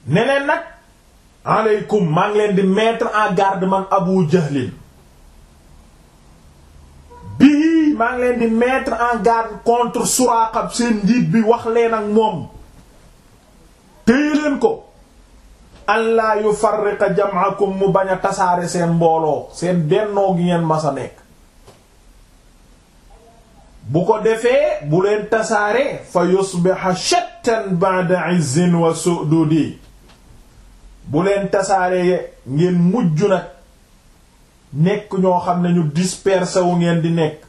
ne leen nag aleykum maa ngi leen di mettre en garde man Abu Jahlin bii maa ngi leen di mettre en garde contre Suraaqab seen njiit bi wax leen ak moom téye leen ko an laa yufarriqa jam'akum mu bañ a tasaare seen mbooloo seen bennoo gi ngeen masa nekk bu ko defee bu leen tasaare fa yusbiha shattan ba'da 'izzin wa su'dudi bu leen tasaare ngeen mujj nag nekk ñoo xam ne ñu dispersé ngeen di nekk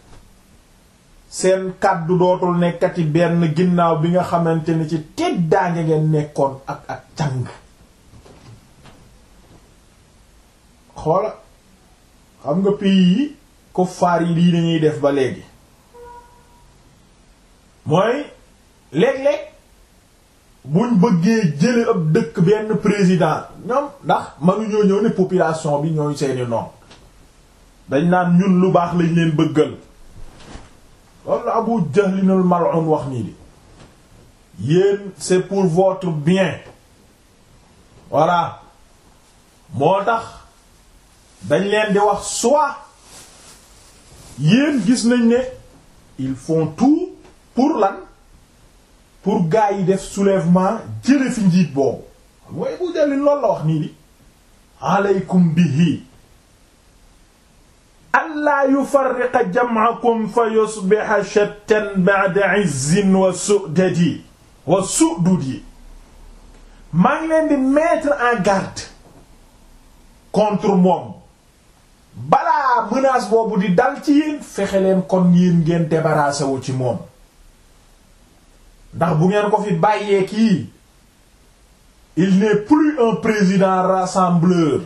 seen kàddu dootul nekkati benn ginnaaw bi nga xamante ni ci teddaange ngeen nekkoon ak ak càng xoola xam nga pays yi kuffaar yi lii nañuy def ba léegi mooy léeg-léeg buñ bëggee jële ab dëkk benn président ñoom ndax mënuñoo ñëw ne population bi ñooy seeni noon dañ naan ñun lu baax lañ leen bëggal loolu la Abu Jahlinul mal'un wax nii di yéen c'est pour votre bien voilà moo tax dañ leen di wax soit yéen gis nañ ne il font tout pour lan pour gars yi def soulèvement jële fi njiit boobu mooy bu jalin loolu la wax nii di aleykum bihi allaa yufarriqa jam'akum fa yusbiha shattan ba'da 'izzin wa wa su'dudi maa ngi leen di mettre en garde contre moom balaa menace boobu di dal ci yéen fexe leen kon yéen ngeen débarrassé wu ci moom ndax bu ngeen ko fi bàyyee kii il n'est plus un président rassembleur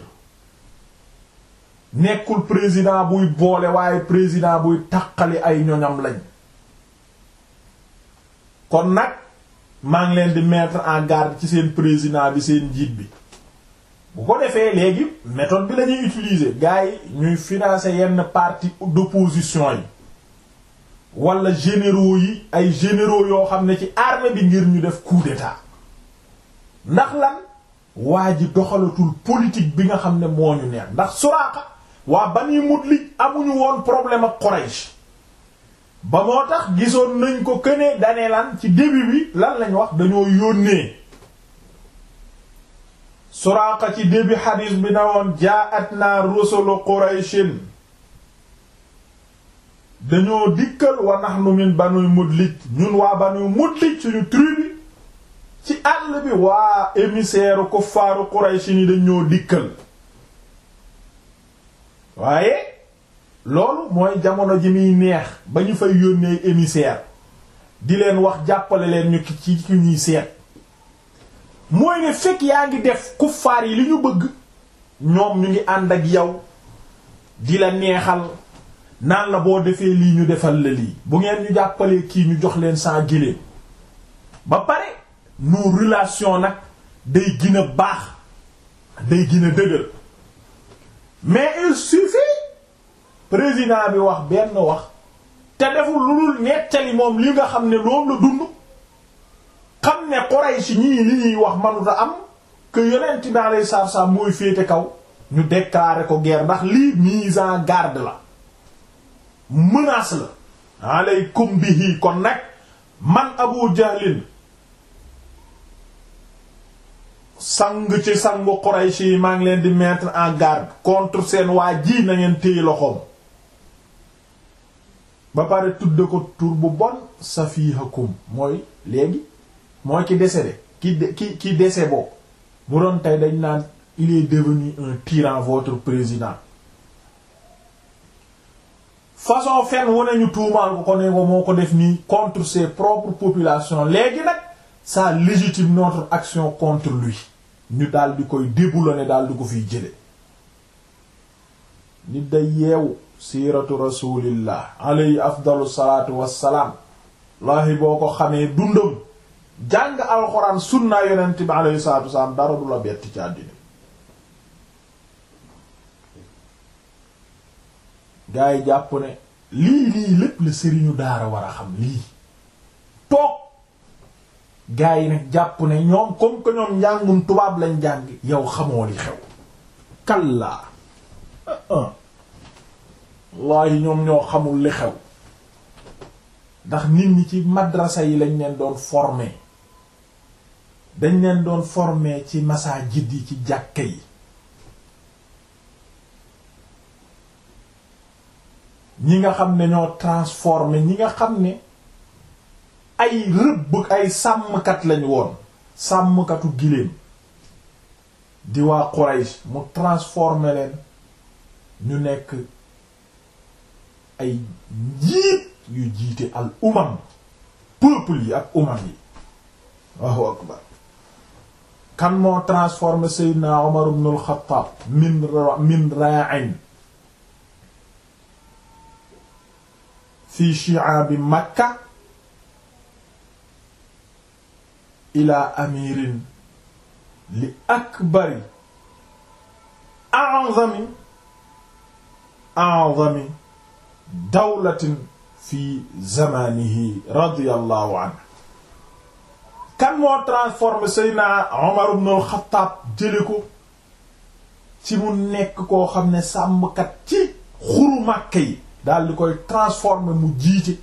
nekkul président buy boole waaye président buy taqali ay ñoñam lañ kon nag maa ngi leen di mettre en garde ci seen président bi seen njiit bi bu ko defee léegi méthode bi lañuy ñuy utiliser gars yi ñuy financer yenn parti d'opposition yi wala généraux yi ay généraux yoo xam ne ci armée bi ngir ñu def coup d'état ndax lan waa ji doxalatul politique bi nga xam ne moo ñu neex ndax Suraaqa waa Bani li amuñu woon problème ak Quraysh ba moo tax gisoon nañ ko kënee danee lan ci début bi lan lañ wax dañoo yónnee suraaqa ci débi xadis bi na woon jaat naa rusulu qurayshin dañoo dikkal wa nahnu min banuy mudlij ñun waa banuy mudlij suñu tribu ci àll bi waa émissaire kuffaaru qurayshin yi dañoo dikkal waaye loolu mooy jamono ji muy neex ba ñu fay yónnee émissaire di leen wax jàppale leen ñu ci ci ñuy seet mooy ne fekk yaa ngi def kuffaar yi li ñu bëgg ñoom ñu ngi ànd ak yow di la neexal naan la boo defee lii ñu defal la lii bu ngeen ñu jàppalee kii ñu jox leen saa giléem ba pare nos relations nag day gën baax day gën a dëgër mais il suffit président bi wax benn wax te deful lu dul nettali moom li nga xam ne loolu la dund xam ne Quraysh ñii li ñuy wax manut am que yonent bi alayhi salaatu salaam mooy kaw ñu déclarer ko guerre ndax lii mise en garde la mënaas la alaykum bihi kon nag man Abu Jahlin sang ci sangu Quraysh yi maa ngi leen di mettre en garde contre seen waa ji na ngeen téye loxoom ba pare tudde ko tur bu bon safihakum mooy léegi mooy ki décédé de ki ki décédé boobu bu doon tey dañ naan il est devenu un tyran votre président façon fen wu nañu tuumaal ko ko ne ko moo ko def nii contre ses propres populations léegi nag ça légitime notre action contre lui ñu daal di koy déboulonné daal di ko fiy jële nit day yeewu siiratu rasulillah alayhi afdalu salaatu wassalaam laahi boo ko xamee dundam jàng alxuraan sunnaa yonent bi alayhi salaatu wasalaam dara du la bett ci àddina gaa yi jàpp ne lii lii lépp la sëriñu daara war a xam lii toog gaa yi nag jàpp ne ñoom comme que ñoom njàngum tubaab lañ jàng yow xamoo li xew kallaa ah, ah. wallaahi ñoom ñoo xamul li xew ndax nit ñi ci madrasa yi lañ leen doon forme dañ leen doon forme ci masaajid yi ci jàkke yi ñi nga xam ne ñoo transformer ñi nga xam ne ay rëbb ay sàmmkat lañ woon sàmmkatu giléem di waa Quraysh mu transformer leen ñu nekk ay njiit yu jiite al umam peuple yi ak umam yi waaw akbar kan moo transformé Seydina Omar ibn al-Khattab min min ra'in fi shi'abi Makka ila amirin li akbari a'zami a'zami dawlatin fi zamanihi radiyallahu anhu kan moo transformé Seydina Omar ibn al-Khattab ci mu nekk koo xam ne sàmmkat ci xuru Makka yi daal di koy transforme mu jiite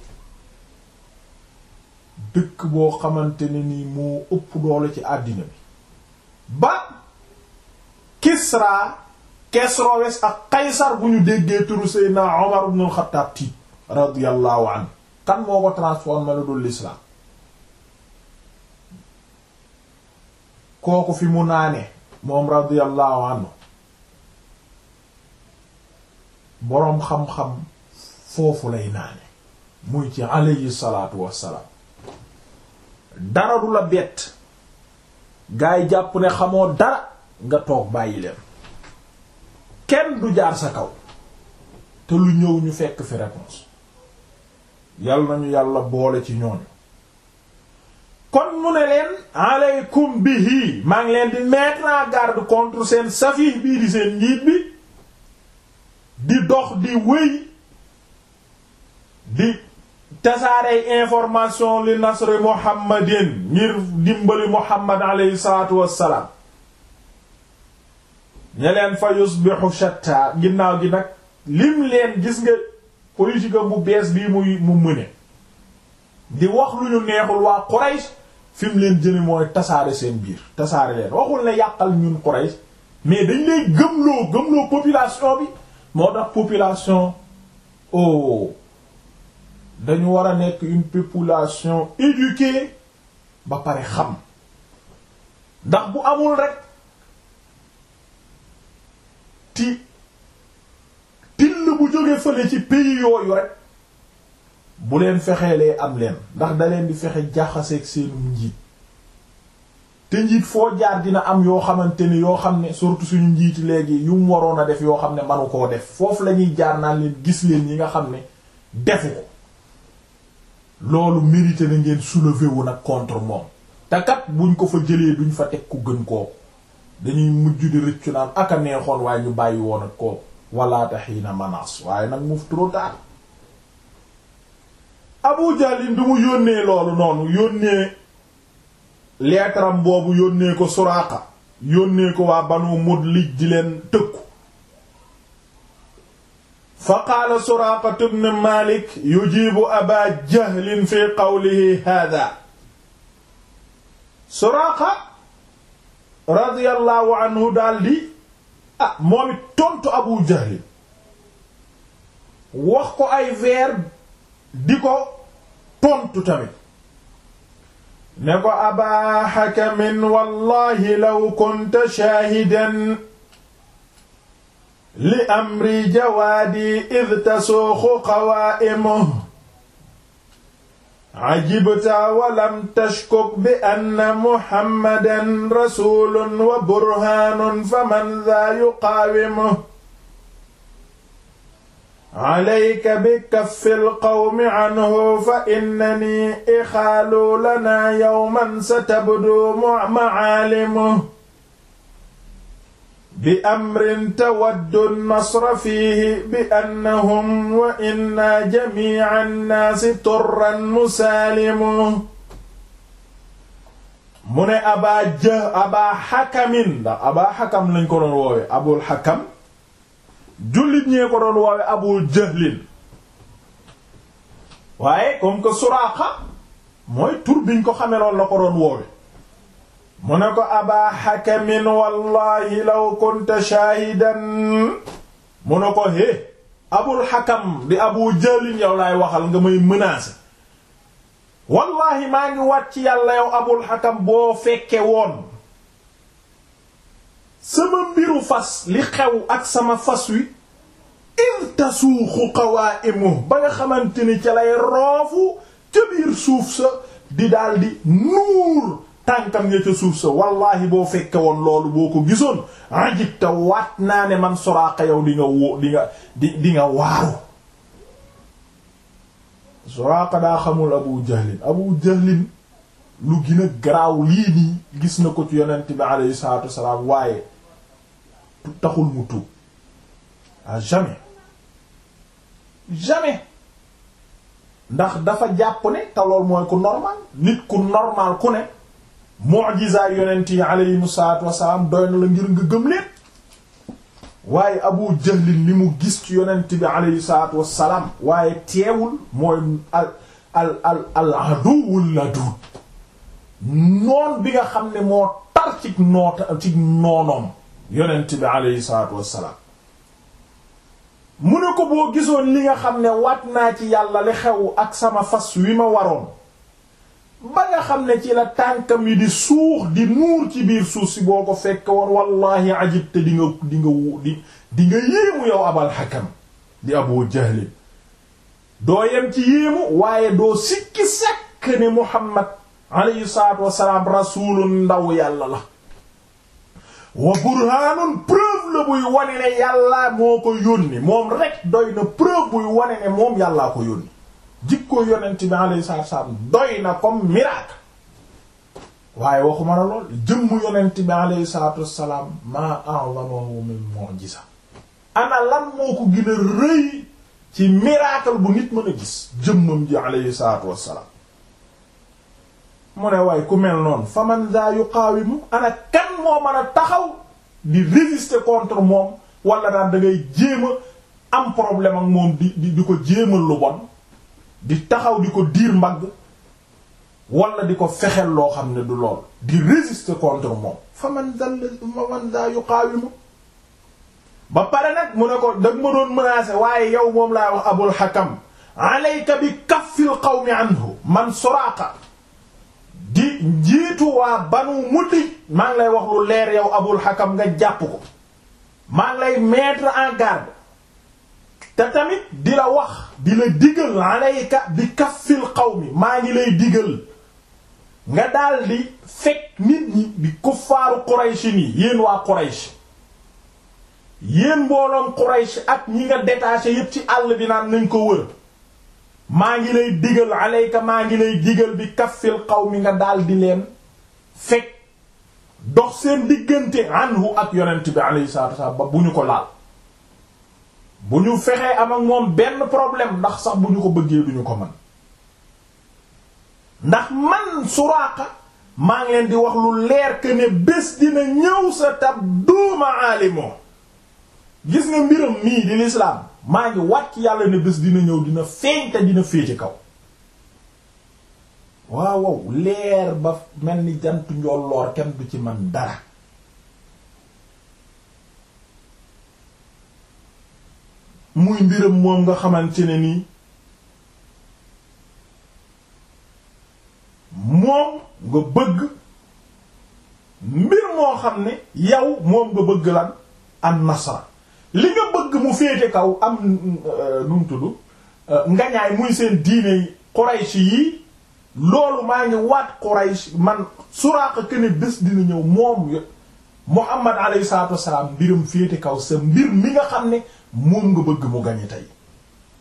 dëkk boo xamante ni moo ëpp doole ci àddina bi ba Kisra Kesrowes ak Kaysar bu ñu déggee turu Seydina Omar ibn al tiit radiyallahu anhu kan moo ko transformé lu dul l'islam kooku fi mu naane moom radiyallahu anhu boroom xam-xam foofu lay naane muy ci alayhi salaatu wassalaam dara du la bett gaa yi jàpp ne xamoo dara nga toog bàyyi leen kenn du jaar sa kaw te lu ñëw ñu fekk fi réponse yal nañu yàlla boole ci ñooñu kon mu ne leen alaykum bihi maa ngi leen di mettre en garde contre seen safih bii di seen njiit bi di dox di wéy di tasaarey information li nasri muhammadin ngir dimbali muhammad aleyhi salaatu wassalaam ñe fa yusbihu shatta ginnaaw gi nag lim leen gis nga politique bu bees bii muy mu mëne di wax lu neexul waa Quraysh fi mu leen jëme mooy tasaare seen biir tasaare leen waxul ne yàqal ñun Quraysh mais dañ lay gëmloo gëmloo population bi moo tax population oh dañu war a nekk une population éduquée ba pare xam ndax bu amul rek ti till bu jóge fële ci pays yooyu rek bu leen fexee lee am leen ndax da leen di fexe jaxaseeg seenum njiit te njiit foo jaar dina am yoo xamante ni yoo xam ne surtout suñu njiiti léegi yu mu waroon a def yoo xam ne manu koo def foofu lañuy jaar naa leen gis leen yi nga xam ne defu ko loolu mérité na ngeen soulever wu nag contre moom te kat buñ ko fa jëlee duñ fa teg ku gën koo dañuy mujj di rëccu naan aka neexoon waaye ñu bàyyi woon ak koo walaata xiina manaas waaye nag mu trop Abu Jahl bi mu yónnee loolu noonu yónnee leetaram boobu yónnee ko Suraaqa yónnee ko waa Banu Mudlij di leen tëkku fa qaala Suraaqa ibn Maalik yujibu Abaa Jahlin fi qawlihi haadaa Suraaqa radiyallahu anhu daldi ah moom it tontu Abu Jahl wax ko ay veer di ko tontu tamit ne ko abaa xakamin wallahi law kunta shaahidan li amri jawaadi id ajibta walam tashkuk bi anna muhammadan wa burhaanun faman dhaa alayka bi kaffil qawmi anhu fa innanii ixaalu lanaa yawman satabdu macaalimuhu bi amrin tawaddu nasra fiihi bi annahum wa inna jamiica nnaasi turran musaalimuhu mu ne abaa jë abaa xakamin ndax abaa xakam lañ ko doon woowe abul xakam jullit ñee ko doon woowe abu jahlin waaye comme que suraaqa mooy tur biñ ko xameloon loolu la ko doon woowe mu ne ko aba xakamin wallahi law kunta shaahidan mu ne ko hé abul xakam di abu jahlin yow laay waxal nga may menacer wallahi maa ngi wàcc yàlla yow abul xakam boo fekke woon sama mbiru fas li xew ak sama fas wi in tasuuxu qawaa'imu ba nga xamante ni ca lay roofu ca biir suuf sa di daldi nuur tànkam ya ca suuf sa wallaahi boo fekke woon loolu boo ko gisoon ajib te waat naa ne man Suraaqa yow di nga woo di waaru Suraaqa daa xamul Abu Jahlin Abu Jahlin lu gën garaaw lii nii gis na ko ci yonent bi alayhi salaatu wasalaam waaye taxul mu tuub à jamais jamais ndax dafa jàpp ne te lool mooy ku normal nit ku normal ku ne mu'jiza yonent yi aleyhimu salaatu wasalaam doy na la ngir nga gëm leen waaye abu jahlin li mu gis ci yonent bi aleyhi salaatu wasalaam waaye teewul mooy al al al al aduwul ladud noon bi nga xam ne moo tar ci noota ci noonoom yonent bi aleyhi salaatu wassalaam mu ne ko boo gisoon li nga xam ne wat naa ci yàlla li xew ak sama fas wi ma waroon ba nga xam ne ci la tànkam yi di suux di nuur ci biir suuf si boo ko fekke wallaahi ajib te di nga di nga di yéemu yow abal xakam di abu jahlin doo yem ci yéemu waaye doo sikki sàkk ne muhammad aleyhi salaatu wassalaam rasuulu ndaw yàlla la wa burhaanun preuve la buy wane ne yàllaa moo ko yónni moom rek doy na preuve buy wane ne moom yàlla ko yónni jikko yonent bi alayhi salaatu salaam doy na comme miracle waaye waxuma la lool jëmm yonent bi alayhi salaatu salaam maa a'lamu min mu'jiza ana lan moo ko gën rëy ci miracle bu nit mën a gis jëmmam ji alayhi salaatu wassalaam mu ne waaye ku mel noonu fa man za yuqaawimu ana moo mën a taxaw di résister contre moom wala daan da ngay jéem a am problème ak moom di di ko jéemal lu bon di taxaw di ko diir mbagg wala di ko fexeel loo xam ne du lool di résister contre moom fa man zal fa ba pare nag mu ne ko dag ma doon menacer waaye yow moom laa wax abul hakam alayka bi kaffil qawmi anhu man suraqa njiitu waa banu mudlij maa ngi lay wax lu leer yow abul hakam nga jàpp ko maa ngi lay mettre en garde te tamit di la wax di la digal alayka bi kaffil qawmi maa ngi lay digal nga daldi fekk nit ñi di kuffaaru Quraysh ni yéen waa Quraysh yéen mbooloom Quraysh ak ñi nga détaché yépp ci àll bi naan nañ ko wër maa ngi lay digal aleyka maa ngi lay digal bi kaffil mi nga dal di leen fekk dox seen diggante anhu ak yonent bi alayhi salatu wasallam ba bu ñu ko laal bu ñu fexee am ak moom benn problème ndax sax bu ñu ko bëggee duñu ko mën ndax man Suraaqa maa ngi leen di wax lu leer que ne bés dina ñëw sa tab duuma aalimo gis nga mbiram mii di lislaam maa ngi wàcc yàlla ne bés dina ñëw dina feeñ te dina féete kaw waaw waaw leer ba mel ni jant njolloor kenn du ci man dara muy mbiram moom nga xamante ne nii moom nga bëgg mbir moo xam ne yow moom nga bëgg lan an nasara li nga bëgg mu féete kaw am euh, nu mu tudd euh, ngañaay muy seen diine Quraysh yi loolu maa ngi waat Quraysh man Suraaqa ken bés dina ñëw moom Muhammad alayhi salaatu wa salaam mbiram féete kaw sa mbir mi nga xam ne moom nga bëgg mu gañe tey